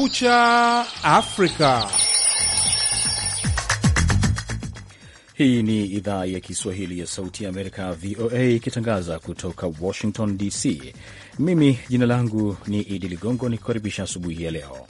Kumekucha Afrika. Hii ni idhaa ya Kiswahili ya Sauti ya Amerika, VOA, ikitangaza kutoka Washington DC. Mimi jina langu ni Idi Ligongo, nikukaribisha asubuhi ya leo.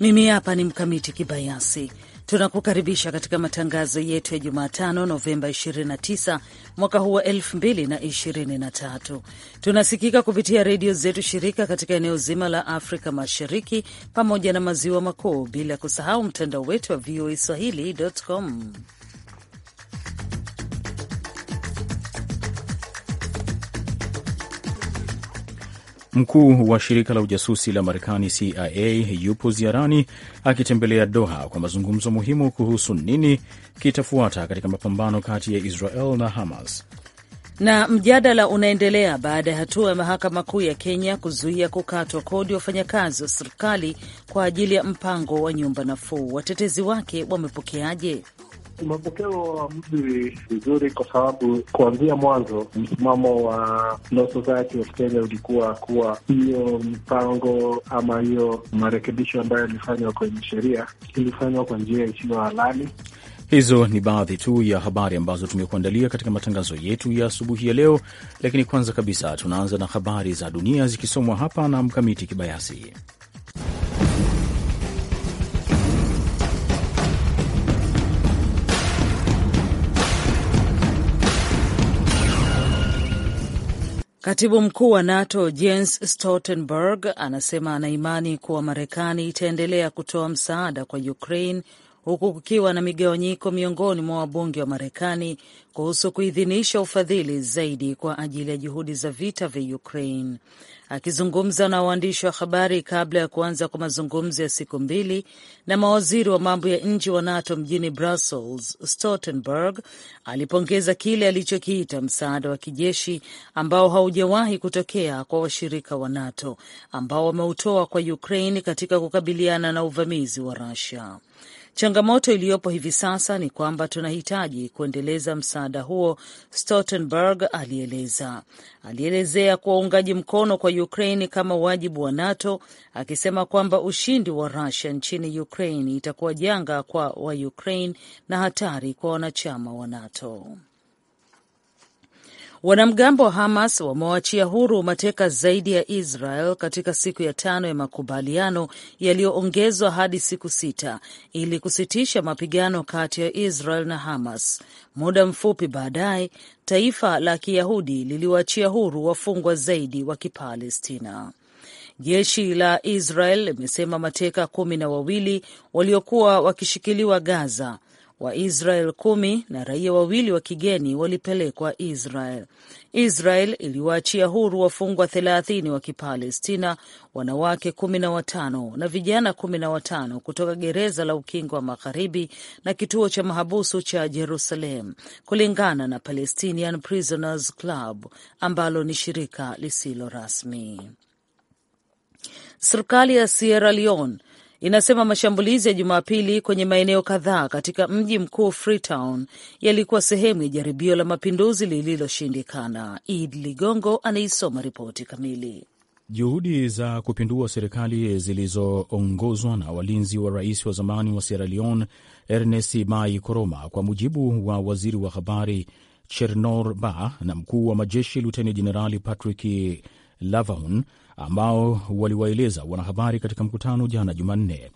Mimi hapa ni Mkamiti Kibayasi. Tunakukaribisha katika matangazo yetu ya Jumatano, Novemba 29 mwaka huu wa 2023. Tunasikika kupitia redio zetu shirika katika eneo zima la Afrika Mashariki pamoja na maziwa Makuu, bila kusahau mtandao wetu wa VOA swahili.com. Mkuu wa shirika la ujasusi la Marekani CIA yupo ziarani akitembelea Doha kwa mazungumzo muhimu kuhusu nini kitafuata katika mapambano kati ya Israel na Hamas. Na mjadala unaendelea baada ya hatua ya mahakama kuu ya Kenya kuzuia kukatwa kodi wafanyakazi wa serikali kwa ajili ya mpango wa nyumba nafuu. Watetezi wake wamepokeaje? wa mji vizuri, kwa sababu kuanzia mwanzo msimamo wa Law Society of Kenya ulikuwa kuwa hiyo mpango ama hiyo marekebisho ambayo yalifanywa kwenye sheria ilifanywa kwa njia isiyo halali. Hizo ni baadhi tu ya habari ambazo tumekuandalia katika matangazo yetu ya asubuhi ya leo, lakini kwanza kabisa tunaanza na habari za dunia zikisomwa hapa na Mkamiti Kibayasi. Katibu mkuu wa NATO Jens Stoltenberg anasema anaimani kuwa Marekani itaendelea kutoa msaada kwa Ukraine huku kukiwa na migawanyiko miongoni mwa wabunge wa Marekani kuhusu kuidhinisha ufadhili zaidi kwa ajili ya juhudi za vita vya Ukraine. Akizungumza na waandishi wa habari kabla ya kuanza kwa mazungumzo ya siku mbili na mawaziri wa mambo ya nje wa NATO mjini Brussels, Stoltenberg alipongeza kile alichokiita msaada wa kijeshi ambao haujawahi kutokea kwa washirika wa NATO ambao wameutoa kwa Ukraine katika kukabiliana na uvamizi wa Rusia. Changamoto iliyopo hivi sasa ni kwamba tunahitaji kuendeleza msaada huo, Stoltenberg alieleza. Alielezea kuwa uungaji mkono kwa Ukraine kama wajibu wa NATO, akisema kwamba ushindi wa Rusia nchini Ukraine itakuwa janga kwa wa Ukraine na hatari kwa wanachama wa NATO. Wanamgambo wa Hamas wamewaachia huru mateka zaidi ya Israel katika siku ya tano ya makubaliano yaliyoongezwa hadi siku sita ili kusitisha mapigano kati ya Israel na Hamas. Muda mfupi baadaye, taifa la Kiyahudi liliwaachia huru wafungwa zaidi wa Kipalestina. Jeshi la Israel limesema mateka kumi na wawili waliokuwa wakishikiliwa Gaza Waisrael kumi na raia wawili wa kigeni walipelekwa Israel. Israel iliwaachia huru wafungwa thelathini wa Kipalestina, wanawake kumi na watano na vijana kumi na watano kutoka gereza la Ukingo wa Magharibi na kituo cha mahabusu cha Jerusalem, kulingana na Palestinian Prisoners Club ambalo ni shirika lisilo rasmi. Serikali ya Sierra Leone inasema mashambulizi ya Jumapili kwenye maeneo kadhaa katika mji mkuu Freetown yalikuwa sehemu ya jaribio la mapinduzi lililoshindikana. Id Ligongo anaisoma ripoti kamili. Juhudi za kupindua serikali zilizoongozwa na walinzi wa rais wa zamani wa Sierra Leone Ernest Mai Koroma, kwa mujibu wa waziri wa habari Chernor Ba na mkuu wa majeshi Luteni Jenerali Patrick Lavaun ambao waliwaeleza wanahabari katika mkutano jana Jumanne.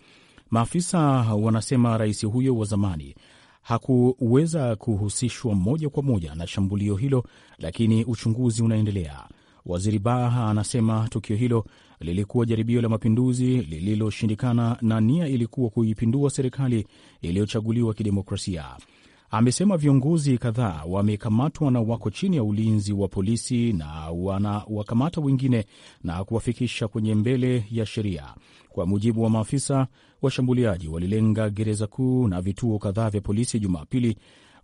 Maafisa wanasema rais huyo wa zamani hakuweza kuhusishwa moja kwa moja na shambulio hilo, lakini uchunguzi unaendelea. Waziri Baha anasema tukio hilo lilikuwa jaribio la mapinduzi lililoshindikana na nia ilikuwa kuipindua serikali iliyochaguliwa kidemokrasia amesema viongozi kadhaa wamekamatwa na wako chini ya ulinzi wa polisi na wanawakamata wengine na kuwafikisha kwenye mbele ya sheria. Kwa mujibu wa maafisa, washambuliaji walilenga gereza kuu na vituo kadhaa vya polisi Jumapili,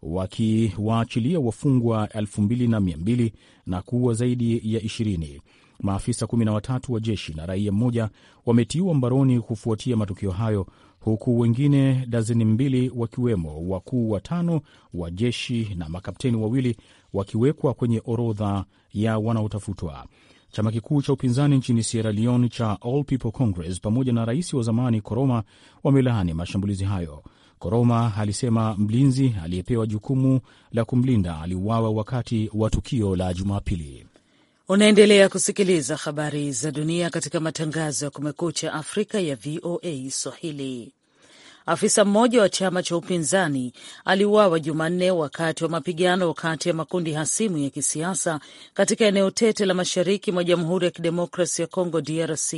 wakiwaachilia wafungwa 2200 na kuua zaidi ya 20. Maafisa 13 wa jeshi na raia mmoja wametiwa mbaroni kufuatia matukio hayo, huku wengine dazeni mbili wakiwemo wakuu watano wa jeshi na makapteni wawili wakiwekwa kwenye orodha ya wanaotafutwa. Chama kikuu cha upinzani nchini Sierra Leone cha All People Congress pamoja na rais wa zamani Koroma wamelaani mashambulizi hayo. Koroma alisema mlinzi aliyepewa jukumu la kumlinda aliuawa wakati wa tukio la Jumapili. Unaendelea kusikiliza habari za dunia katika matangazo ya Kumekucha Afrika ya VOA Swahili. Afisa mmoja wa chama cha upinzani aliuawa Jumanne wakati wa mapigano kati ya makundi hasimu ya kisiasa katika eneo tete la mashariki mwa Jamhuri ya Kidemokrasi ya Kongo, DRC,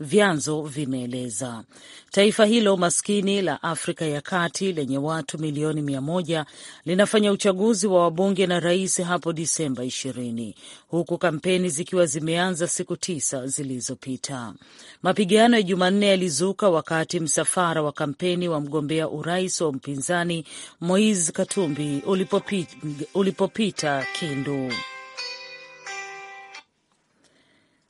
vyanzo vimeeleza. Taifa hilo maskini la Afrika ya Kati lenye watu milioni mia moja linafanya uchaguzi wa wabunge na rais hapo Disemba 20 huku kampeni zikiwa zimeanza siku tisa zilizopita. Mapigano ya Jumanne yalizuka wakati msafara wa kampeni wa mgombea urais wa mpinzani mois Katumbi ulipopita, ulipopita Kindu.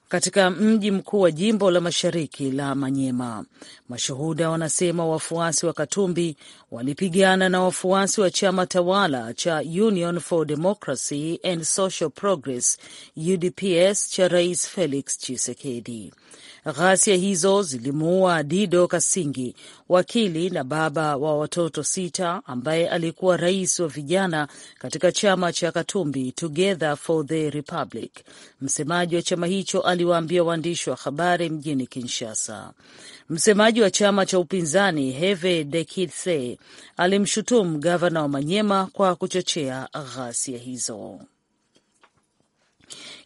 Katika mji mkuu wa jimbo la mashariki la Manyema, mashuhuda wanasema wafuasi wa Katumbi walipigana na wafuasi wa chama tawala cha Union for Democracy and Social Progress, UDPS, cha Rais Felix Tshisekedi. Ghasia hizo zilimuua Dido Kasingi, wakili na baba wa watoto sita, ambaye alikuwa rais wa vijana katika chama cha Katumbi Together for the Republic. Msemaji wa chama hicho aliwaambia waandishi wa habari mjini Kinshasa. Msemaji wa chama cha upinzani Heve de Dekitse alimshutumu gavana wa Manyema kwa kuchochea ghasia hizo.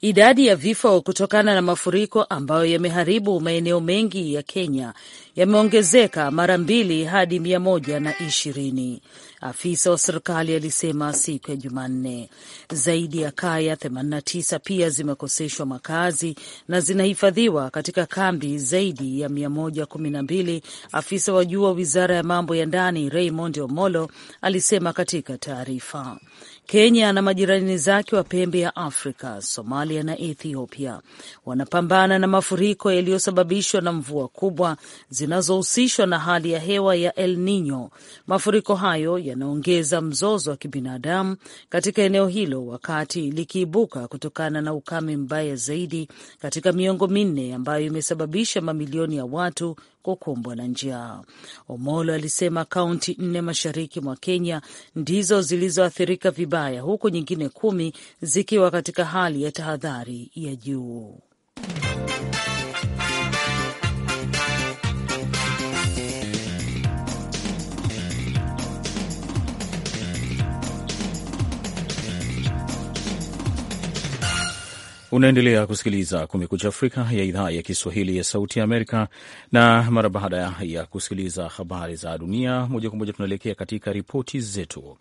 Idadi ya vifo kutokana na mafuriko ambayo yameharibu maeneo mengi ya Kenya yameongezeka mara mbili hadi mia moja na ishirini, afisa wa serikali alisema siku ya Jumanne. Zaidi ya kaya 89 pia zimekoseshwa makazi na zinahifadhiwa katika kambi zaidi ya 112, afisa wa juu wa wizara ya mambo ya ndani Raymond Omolo alisema katika taarifa. Kenya na majirani zake wa pembe ya Afrika, Somalia na Ethiopia wanapambana na mafuriko yaliyosababishwa na mvua kubwa zinazohusishwa na hali ya hewa ya El Nino. Mafuriko hayo yanaongeza mzozo wa kibinadamu katika eneo hilo, wakati likiibuka kutokana na ukame mbaya zaidi katika miongo minne ambayo imesababisha mamilioni ya watu kukumbwa na njaa. Omolo alisema kaunti nne mashariki mwa Kenya ndizo zilizoathirika vibaya, huku nyingine kumi zikiwa katika hali ya tahadhari ya juu. Unaendelea kusikiliza Kumekucha Afrika ya idhaa ya Kiswahili ya Sauti ya Amerika, na mara baada ya kusikiliza habari za dunia moja kwa moja, tunaelekea katika ripoti zetu.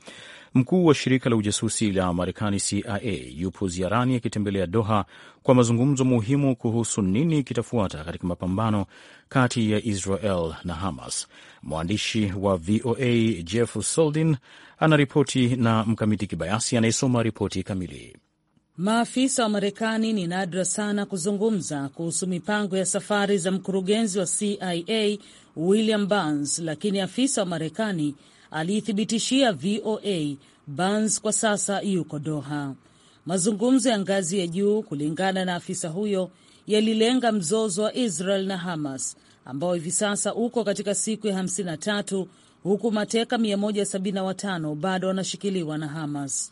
Mkuu wa shirika la ujasusi la Marekani CIA yupo ziarani akitembelea Doha kwa mazungumzo muhimu kuhusu nini kitafuata katika mapambano kati ya Israel na Hamas. Mwandishi wa VOA Jeff Soldin anaripoti na Mkamiti Kibayasi anayesoma ripoti kamili. Maafisa wa Marekani ni nadra sana kuzungumza kuhusu mipango ya safari za mkurugenzi wa CIA William Burns, lakini afisa wa Marekani aliithibitishia VOA Burns kwa sasa yuko Doha. Mazungumzo ya ngazi ya juu, kulingana na afisa huyo, yalilenga mzozo wa Israel na Hamas ambao hivi sasa uko katika siku ya 53 huku mateka 175 bado wanashikiliwa na Hamas.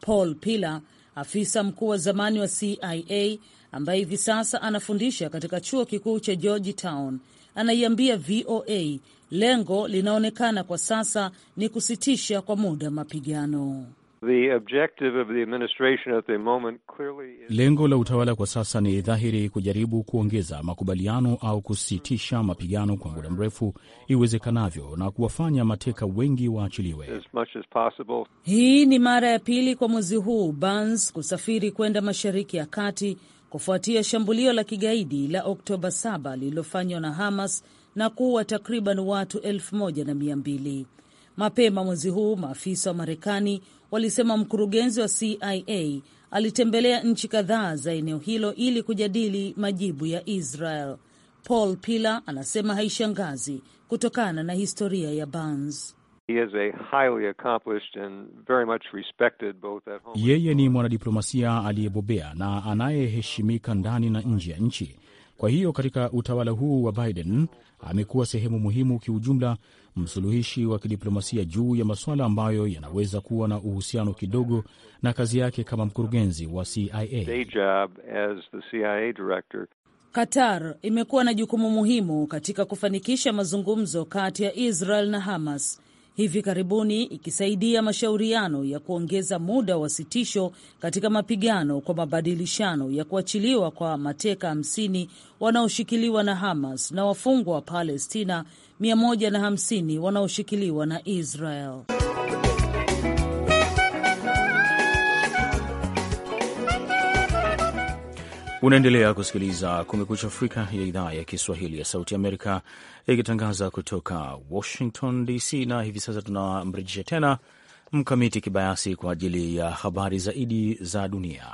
Paul Pillar afisa mkuu wa zamani wa CIA ambaye hivi sasa anafundisha katika chuo kikuu cha Georgetown anaiambia VOA lengo linaonekana kwa sasa ni kusitisha kwa muda mapigano. Lengo la utawala kwa sasa ni dhahiri, kujaribu kuongeza makubaliano au kusitisha mapigano kwa muda mrefu iwezekanavyo na kuwafanya mateka wengi waachiliwe. Hii ni mara ya pili kwa mwezi huu Burns kusafiri kwenda Mashariki ya Kati kufuatia shambulio la kigaidi la Oktoba 7 lililofanywa na Hamas na kuua takriban watu elfu moja na mia mbili. Mapema mwezi huu maafisa wa Marekani walisema mkurugenzi wa CIA alitembelea nchi kadhaa za eneo hilo ili kujadili majibu ya Israel. Paul Pillar anasema haishangazi kutokana na historia ya Burns. Yeye ni mwanadiplomasia aliyebobea na anayeheshimika ndani na nje ya nchi. Kwa hiyo katika utawala huu wa Biden amekuwa sehemu muhimu kiujumla msuluhishi wa kidiplomasia juu ya masuala ambayo yanaweza kuwa na uhusiano kidogo na kazi yake kama mkurugenzi wa CIA. Qatar imekuwa na jukumu muhimu katika kufanikisha mazungumzo kati ya Israel na Hamas hivi karibuni ikisaidia mashauriano ya kuongeza muda wa sitisho katika mapigano kwa mabadilishano ya kuachiliwa kwa mateka 50 wanaoshikiliwa na Hamas na wafungwa wa Palestina 150 wanaoshikiliwa na Israel. Unaendelea kusikiliza Kumekucha Afrika ya idhaa ya Kiswahili ya Sauti Amerika ikitangaza kutoka Washington DC, na hivi sasa tunamrejesha tena Mkamiti Kibayasi kwa ajili ya habari zaidi za dunia.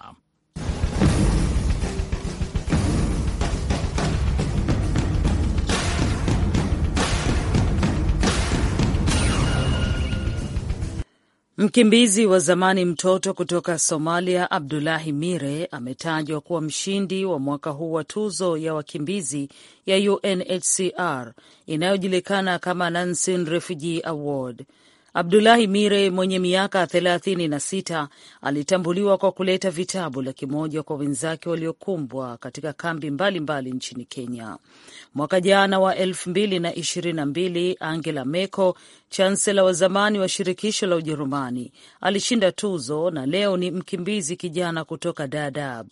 Mkimbizi wa zamani mtoto kutoka Somalia Abdulahi Mire ametajwa kuwa mshindi wa mwaka huu wa tuzo ya wakimbizi ya UNHCR inayojulikana kama Nansen Refugee Award. Abdulahi Mire mwenye miaka thelathini na sita alitambuliwa kwa kuleta vitabu laki moja kwa wenzake waliokumbwa katika kambi mbalimbali mbali nchini Kenya. Mwaka jana wa elfu mbili na ishirini na mbili, Angela Merkel, chansela wa zamani wa shirikisho la Ujerumani, alishinda tuzo na leo ni mkimbizi kijana kutoka Dadaab.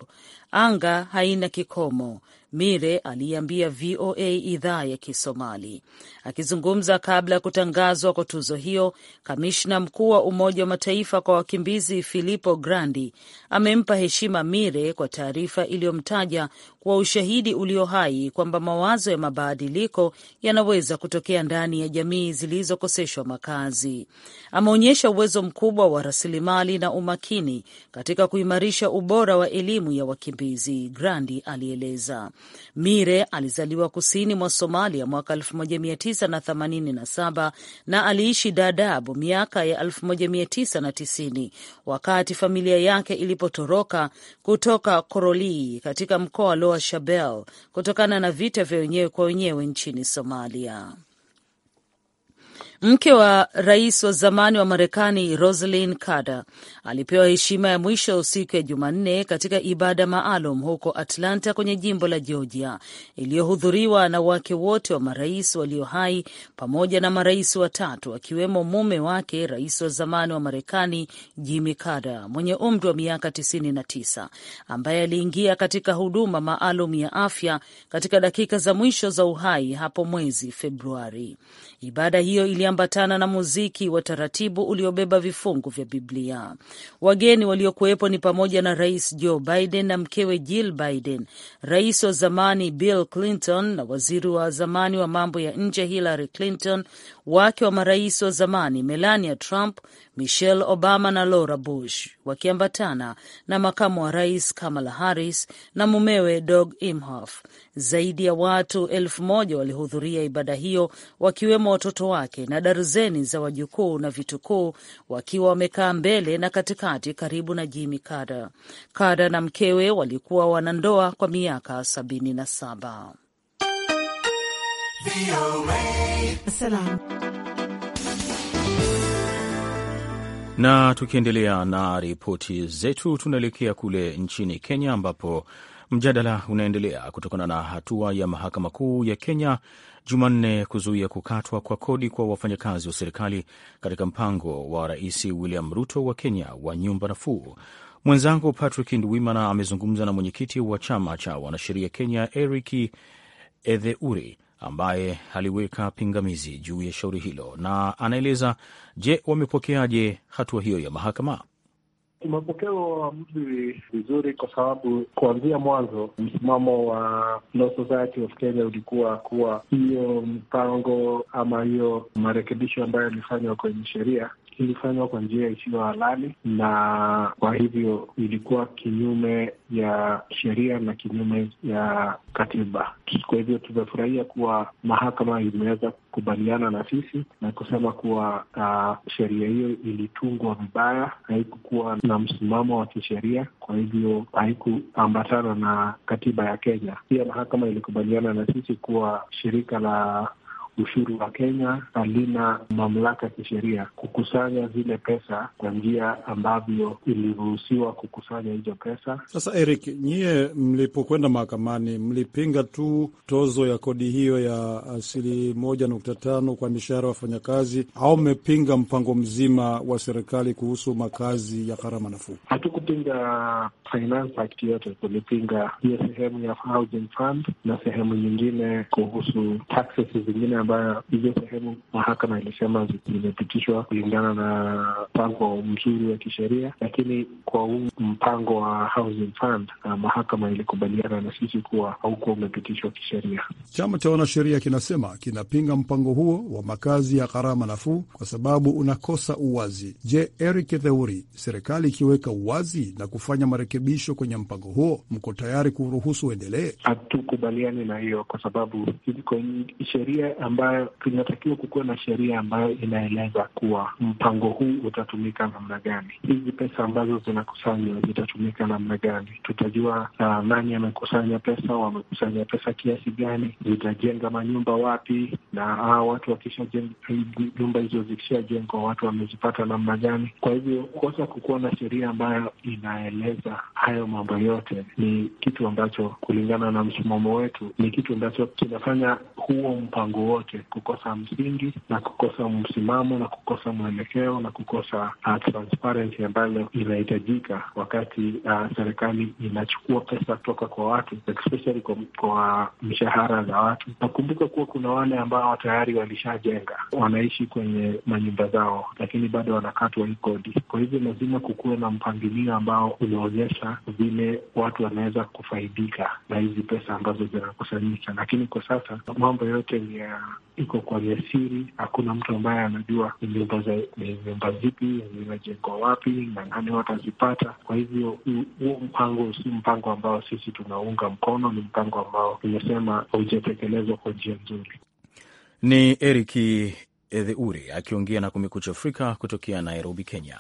Anga haina kikomo Mire aliyeambia VOA idhaa ya Kisomali. Akizungumza kabla ya kutangazwa kwa tuzo hiyo, kamishna mkuu wa Umoja wa Mataifa kwa wakimbizi Filippo Grandi amempa heshima Mire kwa taarifa iliyomtaja kuwa ushahidi ulio hai kwamba mawazo ya mabadiliko yanaweza kutokea ndani ya jamii zilizokoseshwa makazi. Ameonyesha uwezo mkubwa wa rasilimali na umakini katika kuimarisha ubora wa elimu ya wakimbizi, Grandi alieleza. Mire alizaliwa kusini mwa Somalia mwaka 1987 na, na aliishi Dadaab miaka ya 1990 wakati familia yake ilipotoroka kutoka Korolii katika mkoa wa loa Shabelle kutokana na vita vya wenyewe kwa wenyewe nchini Somalia. Mke wa rais wa zamani wa Marekani Rosalynn Carter alipewa heshima ya mwisho siku ya Jumanne katika ibada maalum huko Atlanta kwenye jimbo la Georgia iliyohudhuriwa na wake wote wa marais walio hai pamoja na marais watatu akiwemo mume wake rais wa zamani wa Marekani Jimmy Carter mwenye umri wa miaka 99 ambaye aliingia katika huduma maalum ya afya katika dakika za mwisho za uhai hapo mwezi Februari. Ibada hiyo iliambatana na muziki wa taratibu uliobeba vifungu vya Biblia. Wageni waliokuwepo ni pamoja na Rais Joe Biden na mkewe Jill Biden, rais wa zamani Bill Clinton na waziri wa zamani wa mambo ya nje Hillary Clinton, wake wa marais wa zamani Melania Trump, Michelle Obama na Laura Bush, wakiambatana na makamu wa rais Kamala Harris na mumewe Doug Imhoff. Zaidi ya watu elfu moja walihudhuria ibada hiyo, wakiwemo watoto wake na darzeni za wajukuu na vitukuu, wakiwa wamekaa mbele na katikati karibu na Jimmy Carter. Carter na mkewe walikuwa wanandoa kwa miaka sabini na saba. Na tukiendelea na ripoti zetu, tunaelekea kule nchini Kenya ambapo mjadala unaendelea kutokana na hatua ya mahakama kuu ya Kenya Jumanne kuzuia kukatwa kwa kodi kwa wafanyakazi wa serikali katika mpango wa Rais William Ruto wa Kenya wa nyumba nafuu. Mwenzangu Patrick Nduwimana amezungumza na mwenyekiti wa chama cha wanasheria Kenya Eric Edheuri ambaye aliweka pingamizi juu ya shauri hilo, na anaeleza je, wamepokeaje hatua hiyo ya mahakama? Umepokewa uamuzi vizuri, kwa sababu kuanzia mwanzo msimamo wa Law Society of Kenya ulikuwa kuwa hiyo mpango ama hiyo marekebisho ambayo yalifanywa kwenye sheria kilifanywa kwa njia isiyo halali, na kwa hivyo ilikuwa kinyume ya sheria na kinyume ya katiba. Kwa hivyo tumefurahia kuwa mahakama imeweza kukubaliana na sisi na kusema kuwa uh, sheria hiyo ilitungwa vibaya, haikukuwa na msimamo wa kisheria, kwa hivyo haikuambatana na katiba ya Kenya. Pia mahakama ilikubaliana na sisi kuwa shirika la ushuru wa Kenya halina mamlaka ya kisheria kukusanya zile pesa kwa njia ambavyo iliruhusiwa kukusanya hizo pesa. Sasa Eric, nyie mlipokwenda mahakamani mlipinga tu tozo ya kodi hiyo ya asili moja nukta tano kwa mishahara wafanyakazi au mmepinga mpango mzima wa serikali kuhusu makazi ya gharama nafuu? Hatukupinga Finance Act yote, tulipinga hiyo sehemu ya housing fund na sehemu nyingine kuhusu taxes zingine ambayo hizo sehemu mahakama ilisema zimepitishwa kulingana na mpango mzuri wa kisheria, lakini kwa huu mpango wa housing fund na uh, mahakama ilikubaliana na sisi kuwa haukuwa umepitishwa kisheria. Chama cha wanasheria kinasema kinapinga mpango huo wa makazi ya gharama nafuu kwa sababu unakosa uwazi. Je, Eric Theuri, serikali ikiweka uwazi na kufanya marekebisho kwenye mpango huo, mko tayari kuruhusu uendelee? Hatukubaliani na hiyo kwa sababu sheria ambayo tunatakiwa kukuwa na sheria ambayo inaeleza kuwa mpango huu utatumika namna gani, hizi pesa ambazo zinakusanywa zitatumika namna gani, tutajua uh, nani amekusanya pesa, wamekusanya pesa kiasi gani, zitajenga manyumba wapi, na uh, watu wakishajenga nyumba hizo zikishajengwa watu wamezipata namna gani. Kwa hivyo kosa kukuwa na sheria ambayo inaeleza hayo mambo yote ni kitu ambacho kulingana na msimamo wetu ni kitu ambacho kinafanya huo mpango wote wake, kukosa msingi na kukosa msimamo na kukosa mwelekeo na kukosa uh, transparency ambayo inahitajika wakati uh, serikali inachukua pesa kutoka kwa watu especially kwa, kwa mishahara za watu. Nakumbuka kuwa kuna wale ambao tayari walishajenga wanaishi kwenye manyumba zao, lakini bado wanakatwa hii kodi. Kwa hivyo lazima kukuwe na mpangilio ambao unaonyesha vile watu wanaweza kufaidika na hizi pesa ambazo zinakusanyika, lakini kwa sasa mambo yote ni ya iko kwenye siri, hakuna mtu ambaye anajua ni nyumba zipi zinajengwa wapi na nani watazipata. Kwa hivyo huo mpango si mpango ambao sisi tunaunga mkono, ni mpango ambao umesema haujatekelezwa kwa njia nzuri. Ni Eric Edheuri akiongea na Kumekucha Afrika kutokea Nairobi, Kenya.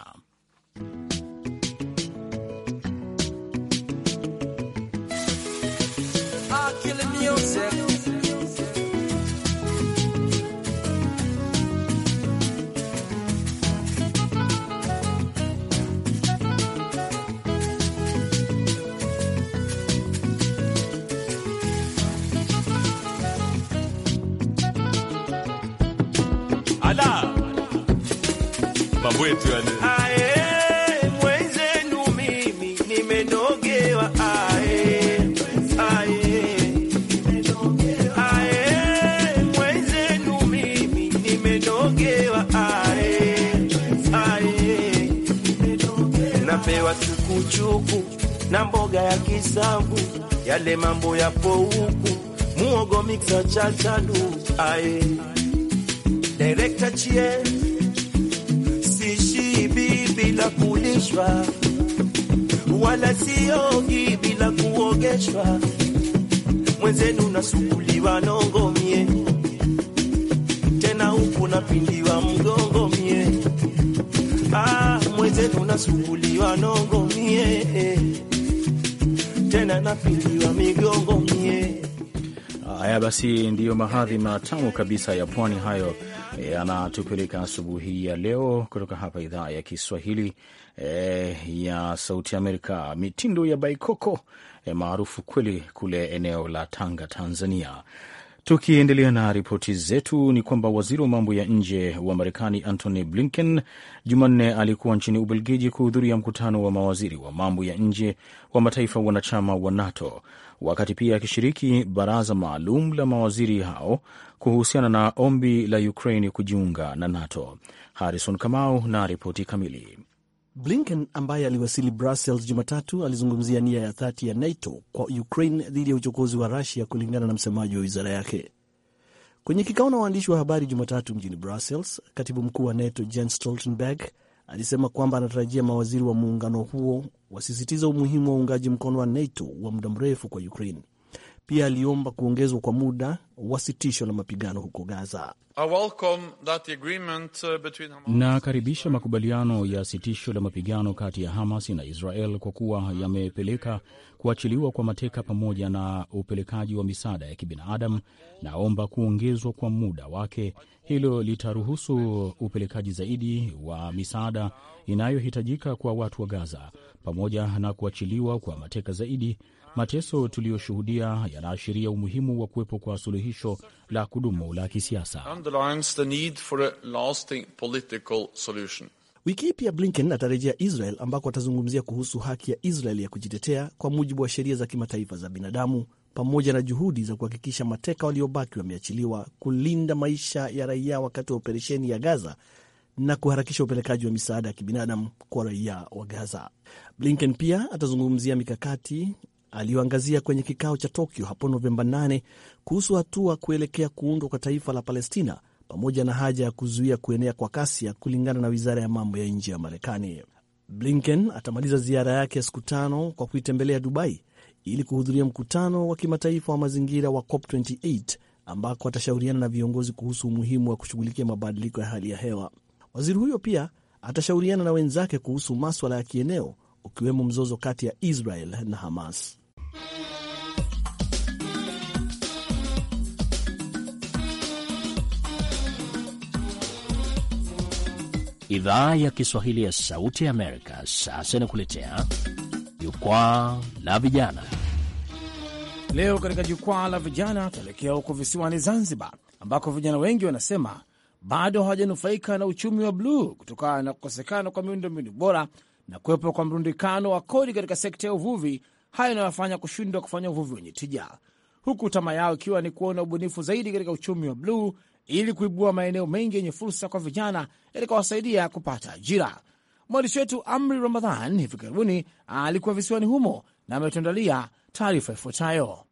ala mambo yetu mwenzenu mimi nimenogewa ae, napewa chukuchuku na mboga ya kisambu yale mambo yapo huku muogo mixa chachadu ae Director Chie, sishibi bila kulishwa, wala siogi bila kuogeshwa. Mwenzenu nasukuliwa nongo tena huku napindiwa mgongo mie. Ah, mwenzenu nasukuliwa nongo mie, tena napindiwa migongo Haya basi, ndiyo mahadhi matamu kabisa ya pwani hayo e, yanatupeleka asubuhi ya leo kutoka hapa idhaa ya Kiswahili eh, ya Sauti Amerika. Mitindo ya baikoko eh, maarufu kweli kule eneo la Tanga, Tanzania. Tukiendelea na ripoti zetu ni kwamba waziri wa mambo ya nje wa Marekani Antony Blinken Jumanne alikuwa nchini Ubelgiji kuhudhuria mkutano wa mawaziri wa mambo ya nje wa mataifa wanachama wa NATO wakati pia akishiriki baraza maalum la mawaziri hao kuhusiana na ombi la Ukraine kujiunga na NATO. Harrison Kamau na ripoti kamili. Blinken ambaye aliwasili Brussels Jumatatu alizungumzia nia ya dhati ya NATO kwa Ukraine dhidi ya uchokozi wa Rusia, kulingana na msemaji wa wizara yake. Kwenye kikao na waandishi wa habari Jumatatu mjini Brussels, katibu mkuu wa NATO Jens Stoltenberg alisema kwamba anatarajia mawaziri wa muungano huo wasisitiza umuhimu wa uungaji mkono wa NATO wa muda mrefu kwa Ukraine. Pia aliomba kuongezwa kwa muda wa sitisho la mapigano huko Gaza. Uh, Nakaribisha makubaliano ya sitisho la mapigano kati ya Hamas na Israel kwa kuwa yamepeleka kuachiliwa kwa mateka pamoja na upelekaji wa misaada ya kibinadamu. Naomba kuongezwa kwa muda wake. Hilo litaruhusu upelekaji zaidi wa misaada inayohitajika kwa watu wa Gaza pamoja na kuachiliwa kwa mateka zaidi Mateso tuliyoshuhudia yanaashiria umuhimu wa kuwepo kwa suluhisho la kudumu la kisiasa. Wiki hii pia Blinken atarejea Israel ambako atazungumzia kuhusu haki ya Israel ya kujitetea kwa mujibu wa sheria za kimataifa za binadamu pamoja na juhudi za kuhakikisha mateka waliobaki wameachiliwa, kulinda maisha ya raia wakati wa operesheni ya Gaza na kuharakisha upelekaji wa misaada ya kibinadamu kwa raia wa Gaza. Blinken pia atazungumzia mikakati aliyoangazia kwenye kikao cha Tokyo hapo Novemba 8 kuhusu hatua kuelekea kuundwa kwa taifa la Palestina pamoja na haja ya kuzuia kuenea kwa kasi ya kulingana na wizara ya mambo ya nje ya Marekani. Blinken atamaliza ziara yake ya siku tano kwa kuitembelea Dubai ili kuhudhuria mkutano wa kimataifa wa mazingira wa COP28 ambako atashauriana na viongozi kuhusu umuhimu wa kushughulikia mabadiliko ya hali ya hewa. Waziri huyo pia atashauriana na wenzake kuhusu maswala ya kieneo ukiwemo mzozo kati ya Israel na Hamas. Idhaa ya Kiswahili ya Sauti ya Amerika sasa inakuletea Jukwaa la Vijana. Leo katika Jukwaa la Vijana tuelekea huko visiwani Zanzibar, ambako vijana wengi wanasema bado hawajanufaika na uchumi wa bluu kutokana na kukosekana kwa miundombinu bora na kuwepo kwa mrundikano wa kodi katika sekta ya uvuvi hayo inayofanya kushindwa kufanya uvuvi wenye tija, huku tamaa yao ikiwa ni kuona ubunifu zaidi katika uchumi wa bluu ili kuibua maeneo mengi yenye fursa kwa vijana yatakawasaidia kupata ajira. Mwandishi wetu Amri Ramadhan hivi karibuni alikuwa visiwani humo na ametuandalia taarifa ifuatayo.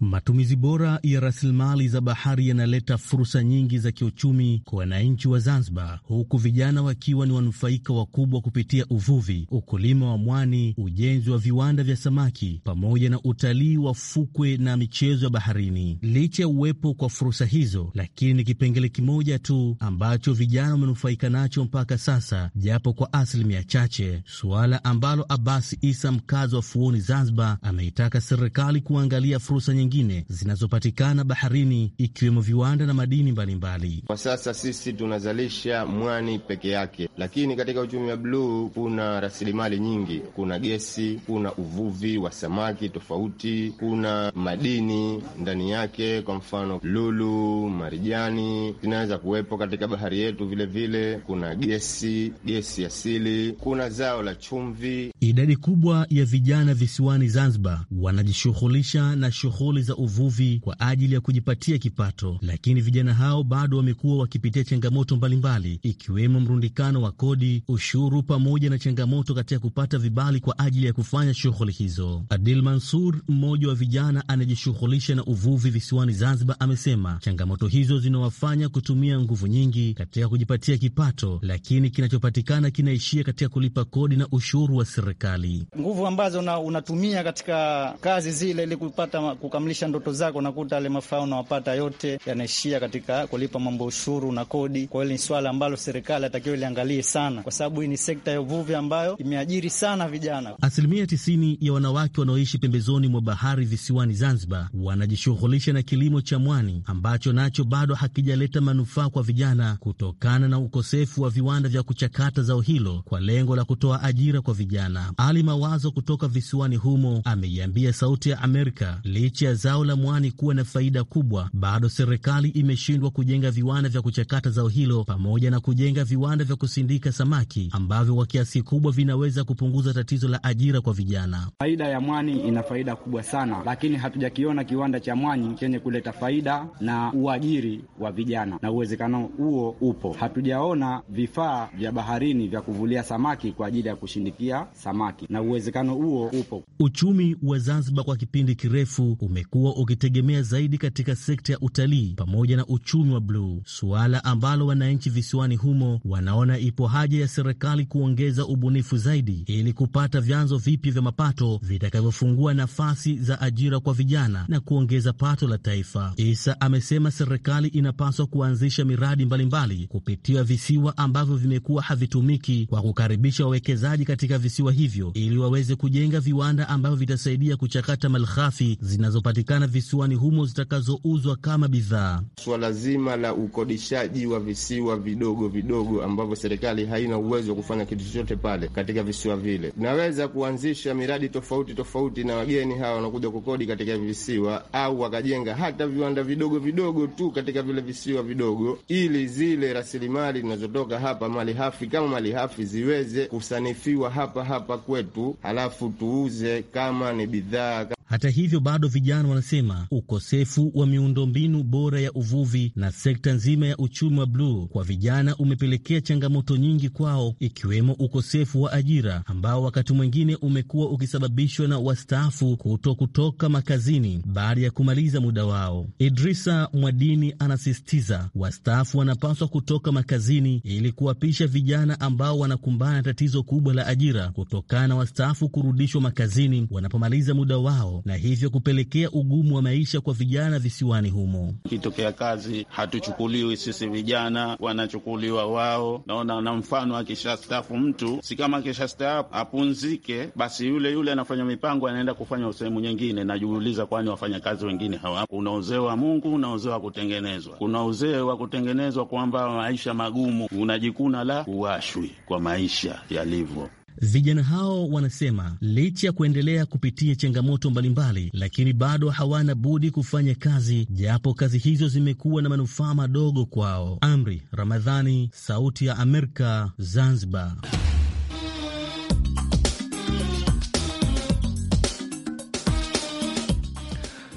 Matumizi bora ya rasilimali za bahari yanaleta fursa nyingi za kiuchumi kwa wananchi wa Zanzibar, huku vijana wakiwa ni wanufaika wakubwa kupitia uvuvi, ukulima wa mwani, ujenzi wa viwanda vya samaki, pamoja na utalii wa fukwe na michezo ya baharini. Licha ya uwepo kwa fursa hizo, lakini ni kipengele kimoja tu ambacho vijana wamenufaika nacho mpaka sasa, japo kwa asilimia chache, suala ambalo Abasi Isa, mkazi wa Fuoni, Zanzibar, ameitaka serikali kuangalia fursa nyingi nyingine zinazopatikana baharini ikiwemo viwanda na madini mbalimbali mbali. Kwa sasa sisi tunazalisha mwani peke yake, lakini katika uchumi wa bluu kuna rasilimali nyingi. Kuna gesi, kuna uvuvi wa samaki tofauti, kuna madini ndani yake, kwa mfano lulu, marijani zinaweza kuwepo katika bahari yetu. Vilevile vile, kuna gesi, gesi asili, kuna zao la chumvi. Idadi kubwa ya vijana visiwani Zanzibar wanajishughulisha na shughuli shughuli za uvuvi kwa ajili ya kujipatia kipato, lakini vijana hao bado wamekuwa wakipitia changamoto mbalimbali, ikiwemo mrundikano wa kodi, ushuru, pamoja na changamoto katika kupata vibali kwa ajili ya kufanya shughuli hizo. Adil Mansur, mmoja wa vijana anayejishughulisha na uvuvi visiwani Zanzibar, amesema changamoto hizo zinawafanya kutumia nguvu nyingi katika kujipatia kipato, lakini kinachopatikana kinaishia katika kulipa kodi na ushuru wa serikali. Nguvu ambazo unatumia katika kazi zile ili kupata kukam unakamilisha ndoto zako, unakuta ale mafao unawapata yote yanaishia katika kulipa mambo ushuru na kodi. Kwa hiyo ni swala ambalo serikali atakiwa iliangalie sana, kwa sababu hii ni sekta ya uvuvi ambayo imeajiri sana vijana. Asilimia tisini ya wanawake wanaoishi pembezoni mwa bahari visiwani Zanzibar wanajishughulisha na kilimo cha mwani ambacho nacho bado hakijaleta manufaa kwa vijana kutokana na ukosefu wa viwanda vya kuchakata zao hilo kwa lengo la kutoa ajira kwa vijana. Ali Mawazo kutoka visiwani humo ameiambia Sauti ya Amerika licha ya zao la mwani kuwa na faida kubwa, bado serikali imeshindwa kujenga viwanda vya kuchakata zao hilo pamoja na kujenga viwanda vya kusindika samaki ambavyo kwa kiasi kubwa vinaweza kupunguza tatizo la ajira kwa vijana. Faida ya mwani ina faida kubwa sana, lakini hatujakiona kiwanda cha mwani chenye kuleta faida na uajiri wa vijana, na uwezekano huo upo. Hatujaona vifaa vya baharini vya kuvulia samaki kwa ajili ya kushindikia samaki, na uwezekano huo upo. Uchumi wa Zanzibar kwa kipindi kirefu ume umekuwa ukitegemea zaidi katika sekta ya utalii pamoja na uchumi wa bluu, suala ambalo wananchi visiwani humo wanaona ipo haja ya serikali kuongeza ubunifu zaidi ili kupata vyanzo vipya vya mapato vitakavyofungua nafasi za ajira kwa vijana na kuongeza pato la taifa. Isa amesema serikali inapaswa kuanzisha miradi mbalimbali mbali kupitia visiwa ambavyo vimekuwa havitumiki kwa kukaribisha wawekezaji katika visiwa hivyo ili waweze kujenga viwanda ambavyo vitasaidia kuchakata malighafi zinazopatikana zinapatikana visiwani humo zitakazouzwa kama bidhaa. Suala zima la ukodishaji wa visiwa vidogo vidogo ambavyo serikali haina uwezo wa kufanya kitu chochote pale katika visiwa vile, naweza kuanzisha miradi tofauti tofauti, na wageni hawa wanakuja kukodi katika visiwa, au wakajenga hata viwanda vidogo vidogo tu katika vile visiwa vidogo, ili zile rasilimali zinazotoka hapa mali hafi kama mali hafi ziweze kusanifiwa hapa hapa kwetu, halafu tuuze kama ni bidhaa hata hivyo, bado vijana wanasema ukosefu wa miundombinu bora ya uvuvi na sekta nzima ya uchumi wa bluu kwa vijana umepelekea changamoto nyingi kwao, ikiwemo ukosefu wa ajira ambao wakati mwingine umekuwa ukisababishwa na wastaafu kuto kutoka makazini baada ya kumaliza muda wao. Idrisa Mwadini anasisitiza wastaafu wanapaswa kutoka makazini ili kuwapisha vijana ambao wanakumbana na tatizo kubwa la ajira kutokana na wastaafu kurudishwa makazini wanapomaliza muda wao na hivyo kupelekea ugumu wa maisha kwa vijana visiwani humo. kitokea kazi hatuchukuliwi sisi vijana, wanachukuliwa wao. Naona na mfano akishastafu mtu si kama akishastaafu apunzike, basi yule yule anafanya mipango, anaenda kufanya sehemu nyingine. Najiuliza, kwani wafanyakazi wengine hawa? Kuna uzee wa Mungu, kuna uzee wa kutengenezwa, kuna uzee wa kutengenezwa kwamba maisha magumu, unajikuna la uwashwi kwa maisha yalivyo. Vijana hao wanasema licha ya kuendelea kupitia changamoto mbalimbali, lakini bado hawana budi kufanya kazi, japo kazi hizo zimekuwa na manufaa madogo kwao. Amri Ramadhani, Sauti ya Amerika, Zanzibar.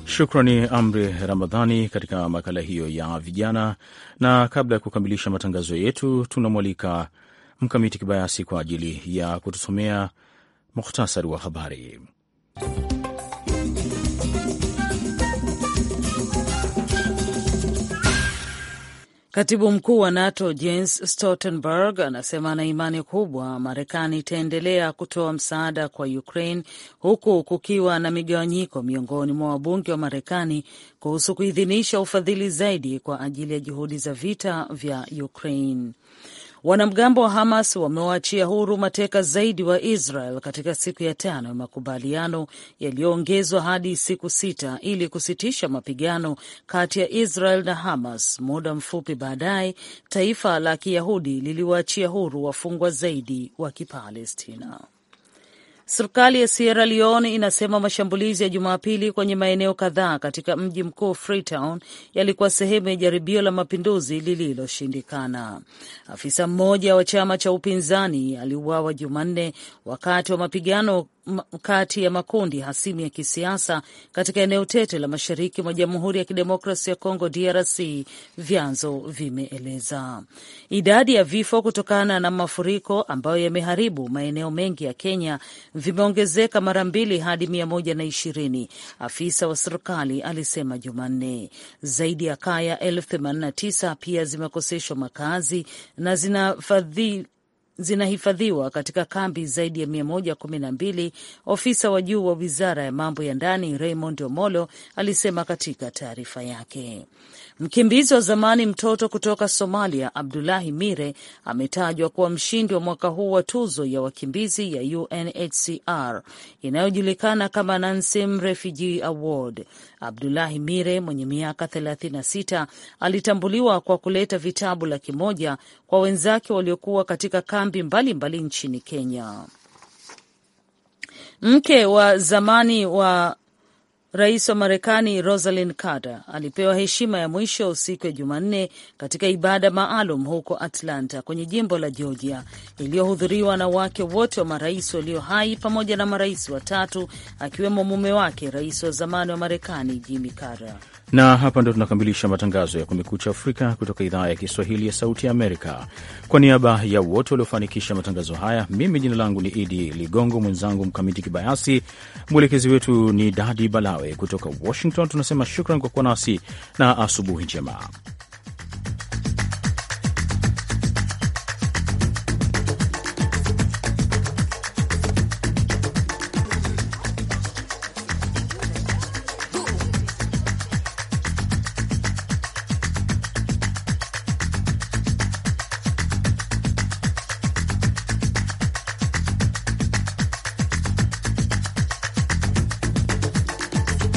Shukrani Amri Ramadhani katika makala hiyo ya vijana. Na kabla ya kukamilisha matangazo yetu, tunamwalika Mkamiti Kibayasi kwa ajili ya kutusomea muhtasari wa habari. Katibu mkuu wa NATO Jens Stoltenberg anasema ana imani kubwa Marekani itaendelea kutoa msaada kwa Ukraine huku kukiwa na migawanyiko miongoni mwa wabunge wa Marekani kuhusu kuidhinisha ufadhili zaidi kwa ajili ya juhudi za vita vya Ukraine. Wanamgambo wa Hamas wamewaachia huru mateka zaidi wa Israel katika siku ya tano ya makubaliano yaliyoongezwa hadi siku sita ili kusitisha mapigano kati ya Israel na Hamas. Muda mfupi baadaye, taifa la Kiyahudi liliwaachia huru wafungwa zaidi wa Kipalestina. Serikali ya Sierra Leone inasema mashambulizi ya Jumapili kwenye maeneo kadhaa katika mji mkuu Freetown yalikuwa sehemu ya jaribio la mapinduzi lililoshindikana. Afisa mmoja wa chama cha upinzani aliuawa Jumanne wakati wa mapigano kati ya makundi hasimu ya kisiasa katika eneo tete la mashariki mwa Jamhuri ya Kidemokrasi ya Kongo DRC, vyanzo vimeeleza. Idadi ya vifo kutokana na mafuriko ambayo yameharibu maeneo mengi ya Kenya vimeongezeka mara mbili hadi mia moja na ishirini, afisa wa serikali alisema Jumanne. Zaidi ya kaya elfu themanini na tisa pia zimekoseshwa makazi na zinafadhili zinahifadhiwa katika kambi zaidi ya 112, ofisa wa juu wa wizara ya mambo ya ndani Raymond Omolo alisema katika taarifa yake. Mkimbizi wa zamani mtoto kutoka Somalia Abdulahi Mire ametajwa kuwa mshindi wa mwaka huu wa tuzo ya wakimbizi ya UNHCR inayojulikana kama Nansim Refugee Award. Abdulahi Mire mwenye miaka 36 alitambuliwa kwa kuleta vitabu laki moja kwa wenzake waliokuwa katika kambi mbalimbali mbali nchini Kenya. Mke wa zamani wa Rais wa Marekani Rosalind Carter alipewa heshima ya mwisho siku ya Jumanne katika ibada maalum huko Atlanta kwenye jimbo la Georgia iliyohudhuriwa na wake wote wa marais walio hai pamoja na marais watatu akiwemo mume wake, rais wa zamani wa Marekani Jimmy Carter. Na hapa ndo tunakamilisha matangazo ya Kumekucha Afrika kutoka idhaa ya Kiswahili ya Sauti ya Amerika. Kwa niaba ya wote waliofanikisha matangazo haya, mimi jina langu ni Idi Ligongo, mwenzangu Mkamiti Kibayasi, mwelekezi wetu ni Dadi Balawe. Kutoka Washington tunasema shukran kwa kuwa nasi na asubuhi njema.